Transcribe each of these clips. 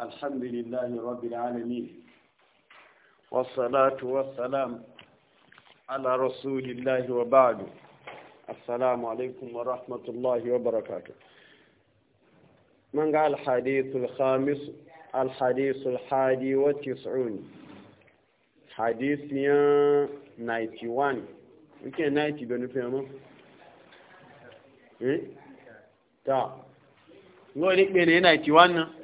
الحمد لله رب العالمين والصلاة والسلام على رسول الله وبعد السلام عليكم ورحمة الله وبركاته من قال الحديث الخامس الحديث الحادي والتسعون حديث يا 91 يمكن 90 بنفهمه ايه تا نقول لك بين 91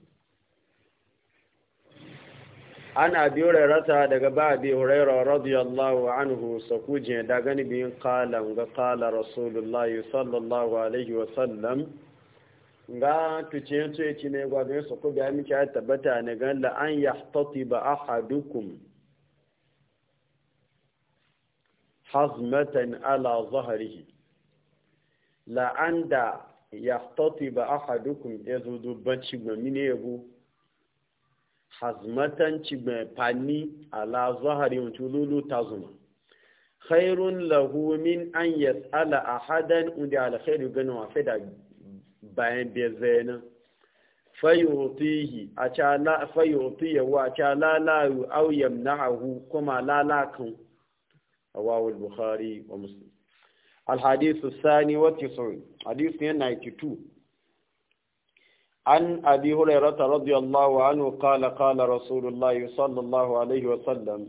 ana bi rata daga ba bi huraira radiyallahu anhu sakuje da gani biyin kalan ga kala rasulullahi sallallahu alaihi wasallam ga tuce su yaci ne gwagwai su ku ga miki ya tabbata ne ga la an yahtati ba ahadukum hazmatan ala zahrihi la anda yahtati ba ahadukum yazudu bacci gami ne yabo hazmatanci mai fani ala zahari wancu lulu ta zuma khairun lahu min an yas'ala ahadan inda alkhairu ganin wa fida bayan biyar zayanin fayutihi a ca fayutihi wa cala la au yamna'ahu kuma lalakan rawahu bukhari wa muslim al hadith wa والتسعون حديث 92 عن أبي هريرة رضي الله عنه قال قال رسول الله صلى الله عليه وسلم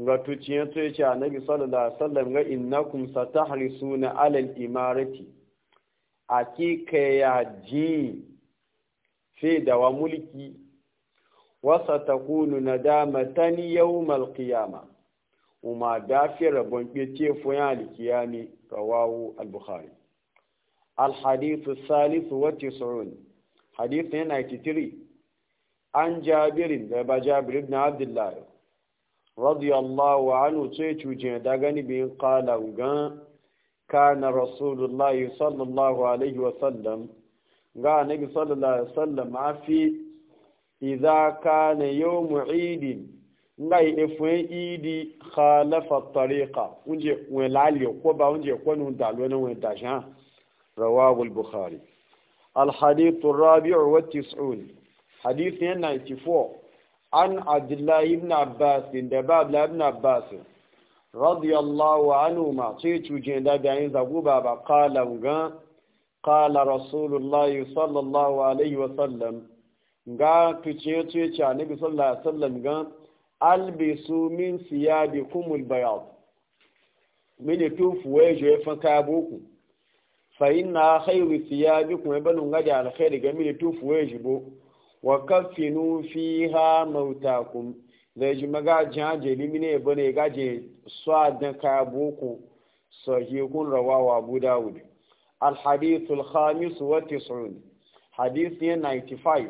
غتوتين تيجي النبي صلى الله عليه وسلم إنكم ستحرصون على الإمارة أكيك يا جي في دوا ملكي وستكون ندامة يوم القيامة وما دافر بنبيتي فيان القيامة رواه البخاري الحديث الثالث والتسعون حديث 93 عن جابر بابا جابر بن عبد الله رضي الله عنه تيتو جندغني بين قال وغان كان رسول الله صلى الله عليه وسلم غا النبي صلى الله عليه وسلم عفي إذا كان يوم عيد ngai efuen idi khalafa tariqa unje welali ko ba unje ko nun dalwana wen dajan rawahu al-bukhari الحديث الرابع والتسعون حديث 94 عن عبد الله بن عباس دباب بن عباس رضي الله عنهما تيتو جندا بعين زغوبا قال قال رسول الله صلى الله عليه وسلم ga tuce tuce annabi sallallahu alaihi wasallam ga albisu min siyabikum albayad mini tufu weje fa kabuku fa'in na khairu siyabi kuma balun gaji alkhairi game da tufu ya shigo wa kafinu fiha mautakum zai ji magajin hajji limine ya bane gaji swadin kaya boko sahihun rawawa abu dawud الحديث الخامس والتسعون حديث 95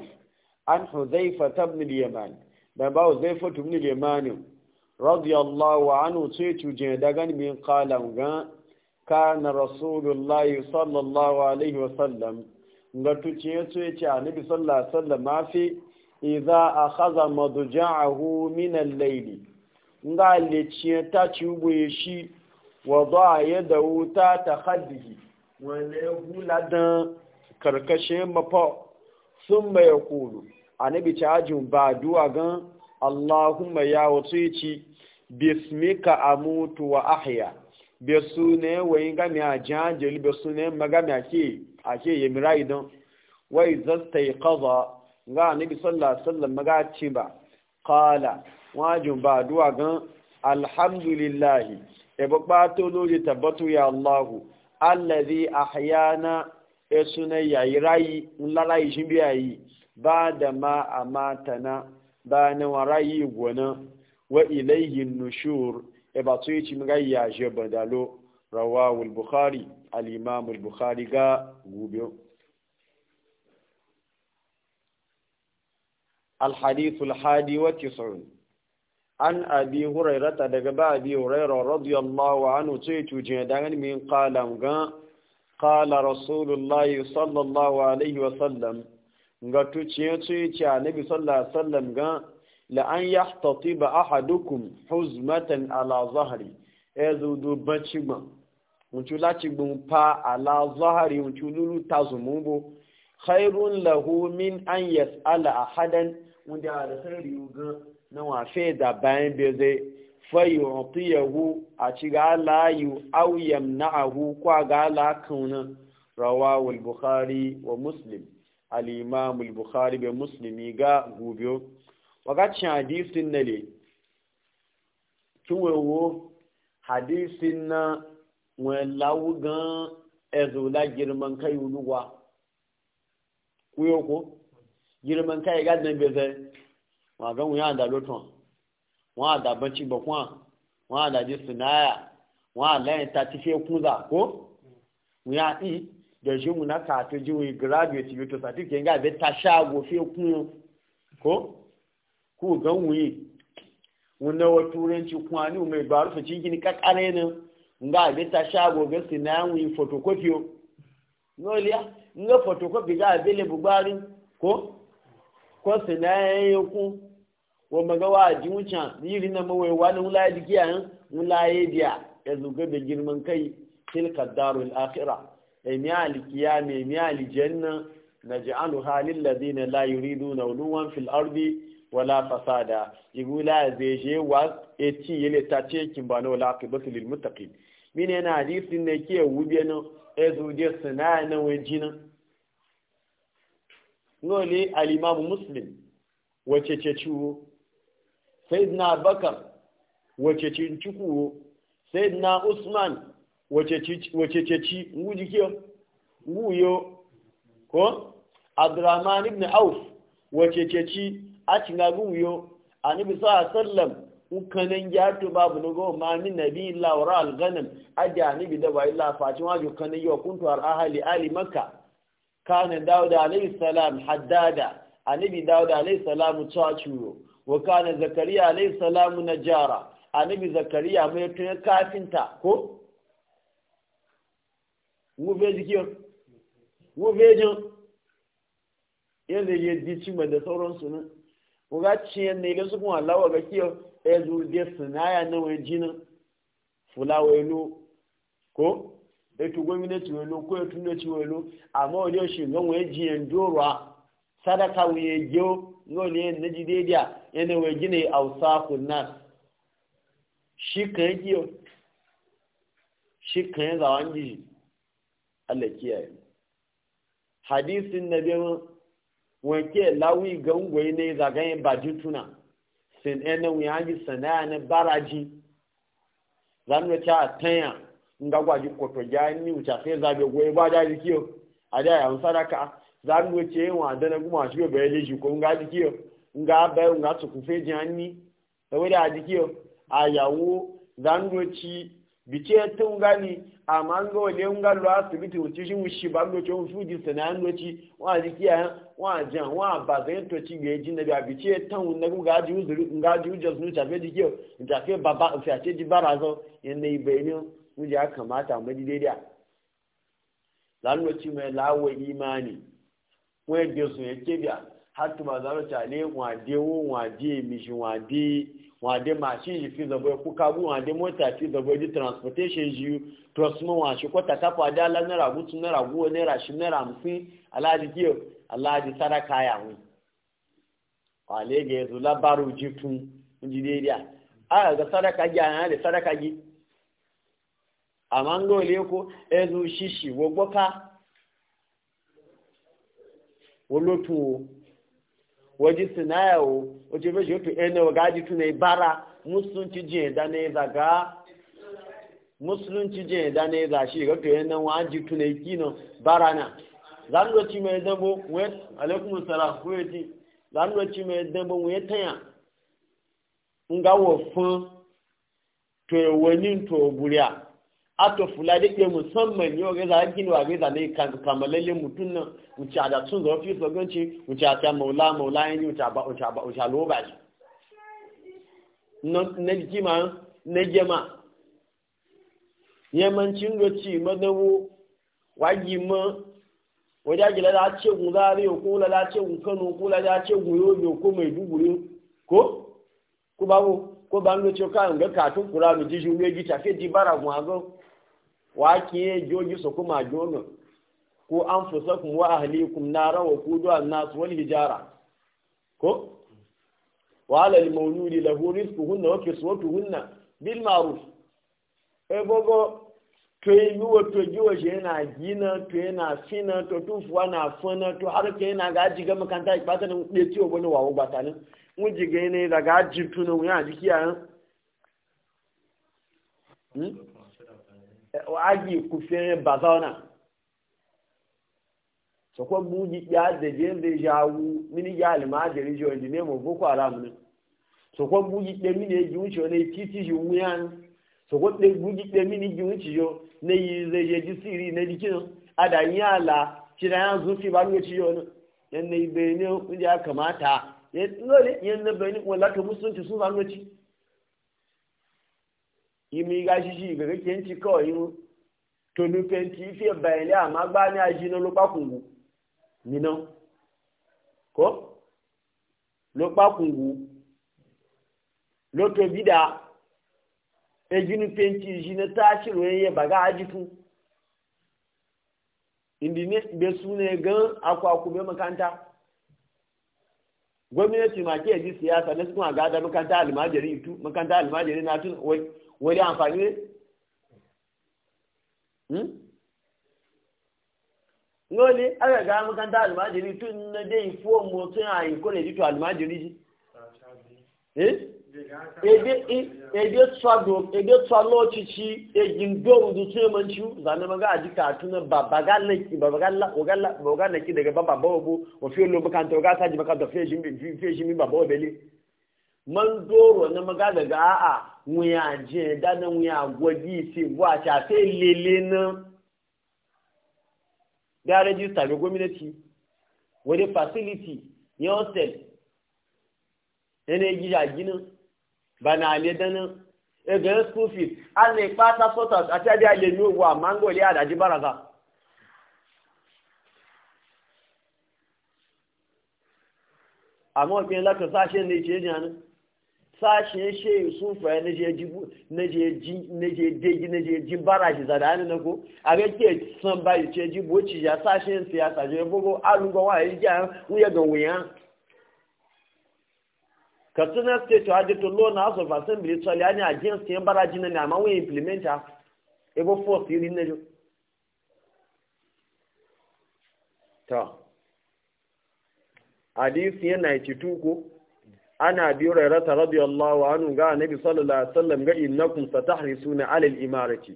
عن حذيفة بن اليمان بابا حذيفة بن اليمان رضي الله عنه تيتو min من قال kana rasulullahi sallallahu alaihi wasallam ga tuce ya ce ce annabi sallallahu alaihi wasallam ma fi idza akhadha madja'ahu min al-layl nga le ce ta ci ubuye shi wa da ya da wuta ta haddihi wale hula dan karkashe mafa sun mai kulu annabi ta ajin ba duwa gan Allahumma ya wasu ci bismika amutu wa ahya besu ne wayin gami a jihan jeli besu ne magami ake ake yi mira idan wai zasta yi kaza ga anabi sallallahu sallam maga ce ba kala wajin ba duwa gan alhamdulillahi ebe kpato lori tabbatu ya allahu allazi ahyana esu ne yayi rayi nlalayi shi biya yi ba da ma a matana ba na wa rayi gona wa ilayhi nusur. e ba su yi ci mga ya shi ba dalo rawa wul bukhari al'imam wul bukhari ga gubiyo alhadithu alhadi wa tisun an abi hurairata daga ba abi hurairo radiyallahu anu ce cuci da gani min kalam ga kala rasulullahi sallallahu alaihi wasallam ga tuci ya ce ci a nabi sallallahu alaihi la'an ya tati ba a hadukun huzmatan alazahari ya zudu bacci gban wucu fa alazahari wucu lulu ta zumubo khairun lahu min an yas'ala hadan wunde a da sai riga na wafe da bayan bai zai fayyutiyahu a ci ga layu aw yamna'ahu kwa ga la kauna rawa bukhari wa muslim alimamul bai bukhari muslimi ga gobe wakacin hadisin na le wo hadisin na welawu gan ezola girman kai uluwa kuyo ko girman kai ga dan beze wa ga wuya da loton wa da banci bakwa wa da ji sinaya wa la ta tife kuza ko ya i da ji mu na ka to ji we graduate bi to certificate ga be ta shago fe kun ko ko gan wuyi wanda wa turanci kwani mai ba rufe cikin kakare nan nga abin ta shago ga sinayen wuyi fotokofiyo noliya nga fotokofi ga abin le bugbarin ko ko sinayen yankun wa magawa jimucan yiri na mawai wani wula ya jiki yayin wula ya diya ya zuga da girman kai tilka darul akhira ay miyali kiyame miyali janna naj'alu halil ladina la yuridu uluwan fil ardi wala fasada igula zai je wa eti yele ta ce kin ba no la qibatu lil muttaqin Min yana hadisin ne ke wubiya no ezu je sana na wajina ngoli al imam muslim wace ce chu sayyidina bakar wace ce ciwo sayyidina usman wace ce wace ce ci nguji ke nguyo ko abdurrahman ibn auf wace ce ci a cin gagun wuyo a nabi sa sallam ukanan yato babu na goma ma min nabi laura wa a ganam a nabi da ba illa fatin wajo kan yau kuntu ar ahli ali makka kana dawud alayhi salam haddada annabi dawud alayhi salam tsaciwo wa kana zakariya alayhi salam najara annabi zakariya mai tun kafinta ko ngube dikiyo ngube jin yanda ya dici da sauransu nan ga ciyen ne ga sukun alawa ga kiyo ya e zo da sinaya na wani jina fulawa ilo ko ya e tu gwamnati wani ko ya e tuno ci wani amma wani yau shi gan wani jiyan jorwa sadaka wani gyo yau ne na ji daidai yana wani gina ya ausa kunnas shi kan yi kiyo shi kan yi zawon jiji Allah kiyaye hadisin na biyan wanke lawi gangwai ne zagayen bajin tuna sin enan ya yi sana'a na baraji zanuwa ta tanya nga gwaji kwato ya ni wuce sai zabe goyi ba da jikiyo a da yawon sadaka zanuwa ce yin wada na guma shi bai da shi ko nga jikiyo nga bayan nga su kufe jihanni e da wadda a jikiyo a yawo zanuwa ci bice tun gani amma ga wale n galo asibiti wuce shi wuce ba loce wun fuji sanan loci wa jiki a wa jan wa ba zai toci ga yaji na gabi ce tan wun nagu ga ji uzuri ga ji ujar sun tafe jiki in tafe baba in fiyace ji bara zo yanda yi bayanin wuje ya kamata mu ji daidai lan loci mai lawo imani wani da sun yake biya har tuma zaro ta ne wa de wo wa de mi shi wa de wọn àdé machine yìí fi zọ̀bọ̀ ẹkú kábù wọn àdé mọ́tà fi zọ̀bọ̀ ẹdí transportation yìí tọ́sùmọ́ wọn àṣekọ́ takápọ̀ adé alá náírà gúúsù náírà gúwọ́ náírà ṣì náírà mùsín aláàdì kí o aláàdì sára káyà wọn. wàlẹ́ gẹ̀ẹ́sọ lábàárò jí fún jíde rí à àgbà sára kájí àyàn lè sára kájí. àmọ́ ko, e zu kó ẹnu ṣíṣì wọ́gbọ́ká olótùú o. waje sinayawo waje bai yoto ene wa na tuna bara musulunci jin da ne za ga musulunci jin da ne za shi ga to ene wa ji tuna kino bara na zan do ci mai dambo we alaikum salam ko yati zan do ci mai dambo we tanya nga wo fun to woni to buria ato fula da ke musamman yau ga zagin wa ga ne kamalalle mutum nan wuce a da tun zafi tsogonci wuce a ta maula maula yanyi wuce a ba wuce a ba wuce a loba shi na jiki ma na gema yamancin goci madawo wagi ma wajen gila da ce gun zare ko la da ce gun kano ko la da ce gun yobe ko mai dubure ko ko babu ko bango ce ka ga katun kuranu jiju ji gita fe dibara gun ago wake joji su kuma jonin ko an fusa kun wa ahlikum nara wa kudu annas wal hijara ko wala al mawludi lahu rizquhunna wa kiswatuhunna bil ma'ruf e bogo to yi wa to ji wa yana gina to yana fina to tufuwa na fana to har ka yana ga aji ga makanta ba ta nan ɗaya ciwo wani wawo ba ta nan ga yanayi daga aji tunan wuya a jiki yayin hmm? aji kufere bazana so ko buji ya da jin da jawu mini ya almajiri jo ndi ne mo boko haram ne so ko buji de mini e juncho ne titi ju muyan so ko de buji de mini junchi jo ne yi ze je ji siri ne dikin ada yala kira ya zufi ba ne ci jo ne yan ne be ne ya kamata yan ne yan ne be ne wallahi musunci su ba ne imi ga shishi ga kake yanci kawai yi to nufin ti fi bayani na lopakungu minan ko lopakungu loto bida eji nufin ti ji na tashi roye ya baga aji fun be gan akwa ku makanta gwamnati ma ke ji siyasa na suna gada makanta almajiri tu makanta na tun wai wani amfani ne? Hmm? Ngoli, aka ga makanta almajiri tun na dai fom mutum a yi kone jito almajiri ji? Eh? Ede tsalo e, cici egin gowudu tun e manci zane maga a jika tun babagalaki daga babba obo wafi olo makanta waga saji makanta fiye shi min babba obele. Man doro na maga daga a'a wọn yà jẹ́ dáná wọn yà gbọ́dí ìṣègbọ́ àti àti ìlélẹ́ náà bí a rẹ́jísítà bí gómìnàtì wọ́n dé fásilítì ní ọ̀sẹ̀l ẹni ìjìyà àjínà bàná àlẹ́ dáná ẹgbẹ̀rún school fees a lè pátá photos àti àdé àlè ní òwò àmángòlé àdájí báraka. àmọ́ ìpínlẹ̀ kan sáà ṣe ń lè ṣe é jẹ́ àná. sashen she yusufa ya naje ji bara shi zada hannu na ko a ke san bayi ce ji boci ya sashen siyasa je gogo alugon wa yi jiya wuya ga wuya katsina state to adito law na house of assembly tsali ani against yan baraji jina ne amma we implementa ebo force yiri nejo to hadisi 92 ko ana bi rairata radiyallahu anhu ga annabi sallallahu alaihi wasallam ga innakum satahrisuna ala al-imarati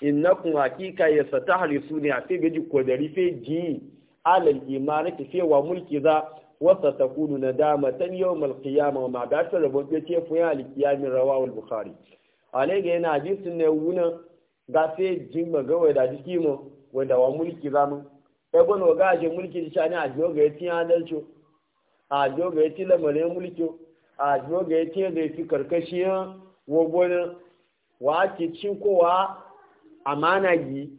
innakum hakika ya satahrisuna fi gaji kodari fi ji alal imarati fi wa mulki za wa satakunu nadamatan yawm al-qiyamah wa ma ba'da rabbi ce fu ya al-qiyamah rawahu al-bukhari alega yana hadisin ne wuna ga sai ji magawa da jiki mu wanda wa mulki za mu ebon wa ga mulki mulki shani a joga ya tiya a joga ya tilama mulki a joga ya tiye zai fi karkashiyan wagonin wa ake cinkowa amana gi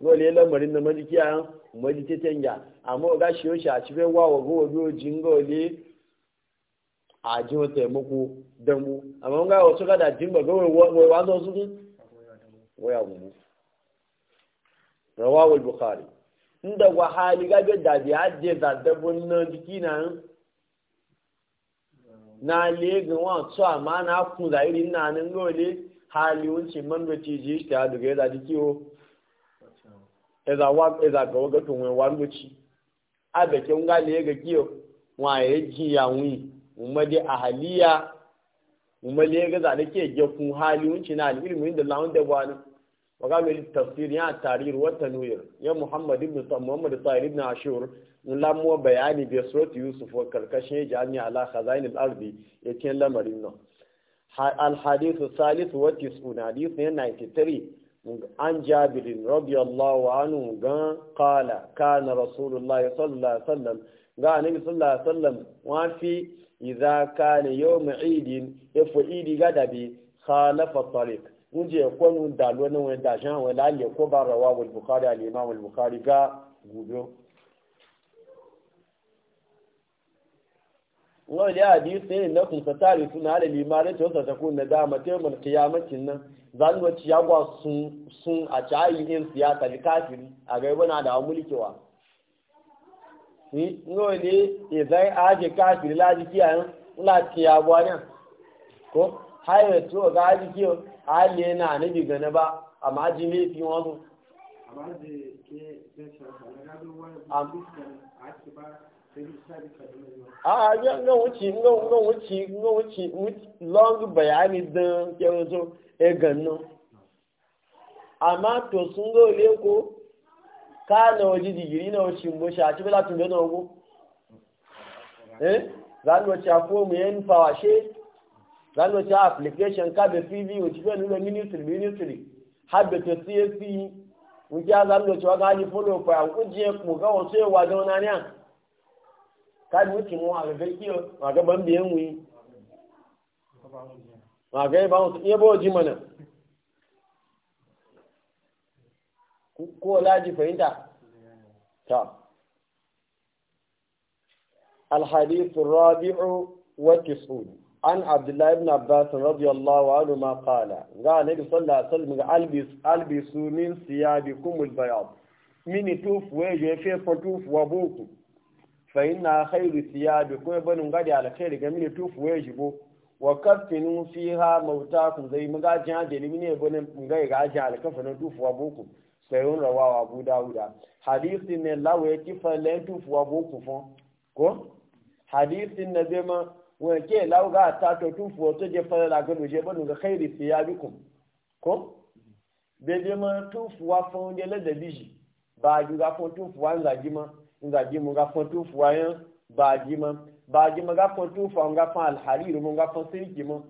wale lamarin da majikiya majike tenya amma ga shi a cikin wa wago wago jinga wale a ji wata yamako don mu amma ga wasu kada jimba ga wai wazo su ne waya gumu rawawul bukhari inda wa hali ga da biya da dabbun jiki na na lega wa so amma na ku za'iri irin na nan gole hali wuce man da ci ji ta e daga e o wa e ga ga tun wa ruci a da kin ga lega kiyo ya nwunye ya wi umma di ahaliya umma lega ha ali ke ga ku hali wuce na ilmin da lawun وقام التفسير يا تارير وتنوير يا محمد بن محمد الطاهر ابن عاشور لم هو بياني بسورة يوسف وكركشة جاني على خزائن الأرض يتين لمرنا الحديث الثالث والتسعون حديث 93 عن جابر رضي الله عنه قال كان رسول الله صلى الله عليه وسلم قال النبي صلى الله عليه وسلم وفي إذا كان يوم عيد يفو عيد غدبي خالف الطريق wunje kwanu da lona wani da shan wani lalle ko ba rawa wal bukari al imam al bukari ga gubo wani ya hadisi ne na kun satari na ala limanin ta wata takun na dama ta yamar makin nan zanuwa ciyagwa sun a cayi yin siyasa da kafiri a gaibana da mulkewa wani ne e zai aje kafiri laji kiyayen lafiya buwa ko haya to ga aji kiyo hali yana nabi gane ba amma ji ne fi a a ga wuce ga wuce ga wuce long bayani e ganno amma to sun ko ka na waje digiri na wace mbo sha ci bala tun da na eh zan wace afo mu fawashe lánàá tí application kábẹ̀ pv òṣìṣẹ́ nílò ministry ministry hábẹ̀tẹ̀ csc ń jẹ́ lánàá tí wọ́n káyé pẹ̀ àwọn jẹ́ pò káwọn tó wà jọ náà ní à káyé ó ti mú àgbẹ̀fẹ́ kí ọ àgbẹ̀ bá ń bí ẹ̀wù yìí àgbẹ̀ bá wọn yẹ bó jí mọ̀nà kó o láti fẹ̀yìntà ta. الحديث الرابع والتسعون an abdullahi ibn abbas radiyallahu anhu ma qala ga nabi sallallahu alaihi wasallam ga albis albisu min siyabikum albayad mini tufu weje fe tufu wa boku fa inna khairu siyabikum banu ngadi alkhairi ga mini tufu weje bo wa kaftinu fiha mautakum zai muga jin ajeli mini banu ngai ga ajin alkafa na tufu wa buku sai rawa wa abu dawuda hadisi ne lawe kifa len tufu wa buku fon ko hadisin na zai wani ke lauga ta to tun fuwa to je fara la gado je banu ga khairi siyabikum ko be ma tun fuwa fon je le de biji ba ju ga fon tun fuwa nga ma nga mu ga fon tun fuwa yan ba ji ma ba ji ma ga fon tun fuwa nga fon alharir mu ga fon sirki mu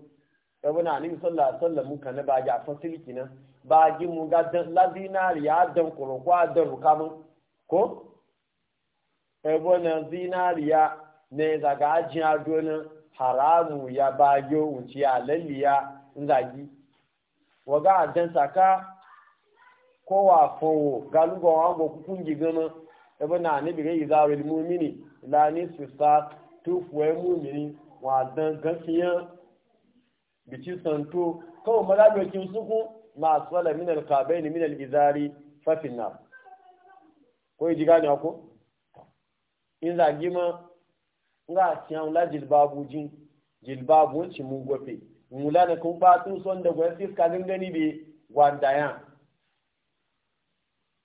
yabo na alim sallallahu alaihi wasallam kana ba ja fon sirki na ba ji mu ga dan lazina ya dan kuro kwa dan rukamu ko yabo na zinariya ne daga ajiyar donin haramu ya bayo wuce a lalliya zagi waga adan saka kowa fowo galugon wango kukun gigana ebe na anabi gai zaro ilmumini lani sisa tufuwa mumini wadan gafiyan ko santo kawo malabokin ma sala min al kabai min al izari fi na ko yi ji gane ko in zagi ma nga tiyan la jilbabu jin jilbabu ci mu gofe mula na kun fatu son da gwan fiska din gani be gwandayan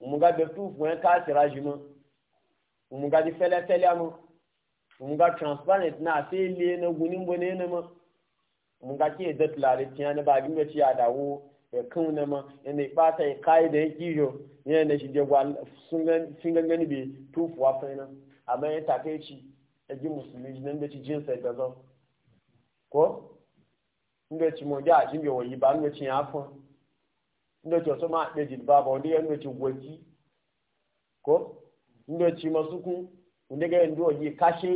mu ga da tu fun ka tira jima mu ga di fele fele amu mu ga transparent na sai le na gunin bone na ma mu ga ke da tulare tiyan ba gin ga ci a dawo ya kan na ma ne ba e e ta e kai da yake yo ne ne shi je gwa sun gani be tufuwa fa na amma ya take ci ẹjí musulmi ní ẹgbẹ́ ti jíǹsì ẹgbẹ́ lọ kọ́ nígbà tí mo jẹ́ àjíǹbì wọ̀ yìí bá nígbà tí yẹn fún nígbà tí ọ̀sọ́ máa pè jìdìbà bọ̀ nígbà nígbà tí wọ̀ kọ́ tí mo sunkún nígbà tí wọ̀ káṣe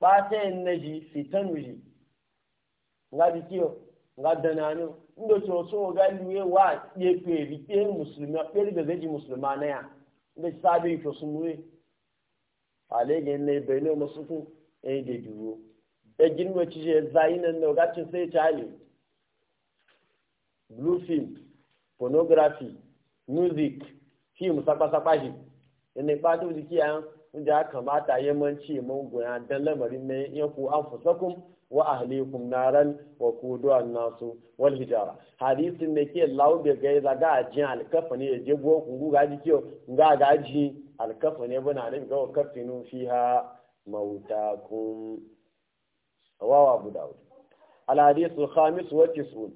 pàṣẹ ẹnẹ́jì fìtẹ́nu yìí nga di kí o nga dana ni nígbà tí ọ̀sọ́ ọ̀gá ìlúwé wà pé pé rí pé mùsùlùmí pé rí bẹ̀rẹ̀ jì mùsùlùmí náà nígbà tí sábẹ́ ìfọ̀sùnmúwé. alege ne bene masufu e de duro e jinwa ci je zaina no gatin sai chali blue film pornography music film sapa sapa shi e ne pa to diki an kamata yamanci mun goya dan lamarin ne yanku anfusakum wa ahlikum naran wa kudu nasu wal hijara hadisin ne ke laube e ga ga ajin alkafa ne je go ku ga dikiyo ga ji alkafa ne bana nabi ga kafinu fiha mautakum rawahu abu daud al hadith al khamis wa tis'un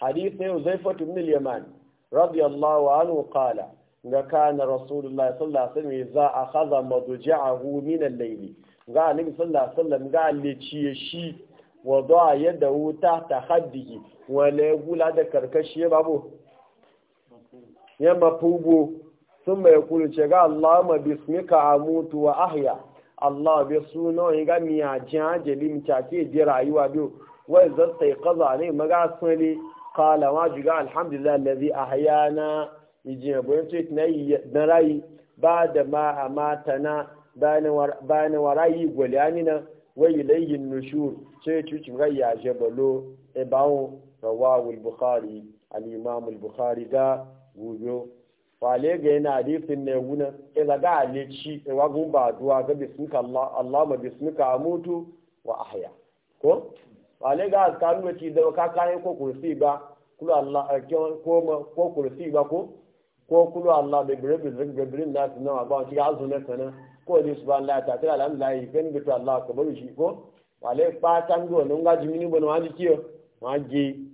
hadith uzaifah ibn al yaman radiyallahu anhu qala ga kana rasulullah sallallahu alaihi wasallam idza akhadha madja'ahu min al layli ga nabi sallallahu alaihi wasallam ga leciye shi wada'a yadahu tahta khaddihi wa la yagula da karkashi babu yamma fubo sun mai kulu ce ga Allah ma bismika a mutu wa ahya Allah bai suna yi ga miya jiyan jalin cake je rayuwa biyu wai zan sai kaza ne maga sunli kala ma juga alhamdulillah lazi na ijiya bayan ce na yi ba da ma a mata na bayan warayi gwaliyani na wai ilayin nushur ce cucin rayya jabalo ibawon rawawul bukhari al bukhari da gubiyo fale ga yana hadisin ne wuna sai zaga alici sai wagun ba duwa ga bismika Allah Allah ma bismika amutu wa ahya ko wale ga azkaru mace da ka kayan ko kursi ba kulu Allah eh, ko ko kursi ba ko ko kulu Allah da bire bire da na su nawa ba shi ga azuna sana ko ji subhanallahi ta ta alhamdulillah kan bi Allah ka bari shi ko wale fa tan go nan ga jimini bana wani kiyo ma ji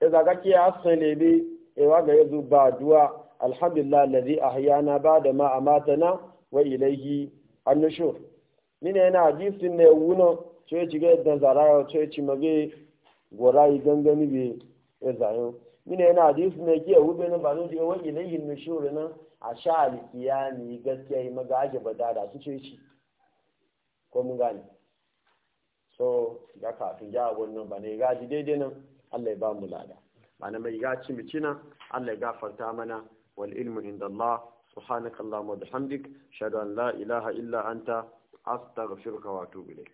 Ezagaki ya sọ ne bi ewa ga yazo ba duwa alhamdulillah alladhi ahyana da ma amatana wa ilayhi an-nushur mine yana hadisin ne wuno cewa ci ga da zaraya cewa ci mage gorai gangani be ya zayo mine yana hadisin ne ke wube ne ba no wa ilayhi an na a sha alkiyami gaskiya yi maga aje badada su ce ci ko mun gani so ga kafin ja wannan ba ne gaji daidai nan Allah ya ba mu lada ma'ana mai gaci micina Allah ya gafarta mana wal ilmu inda Allah subhanakallahumma wa bihamdik shadu an la ilaha illa anta astaghfiruka wa atubu ilayk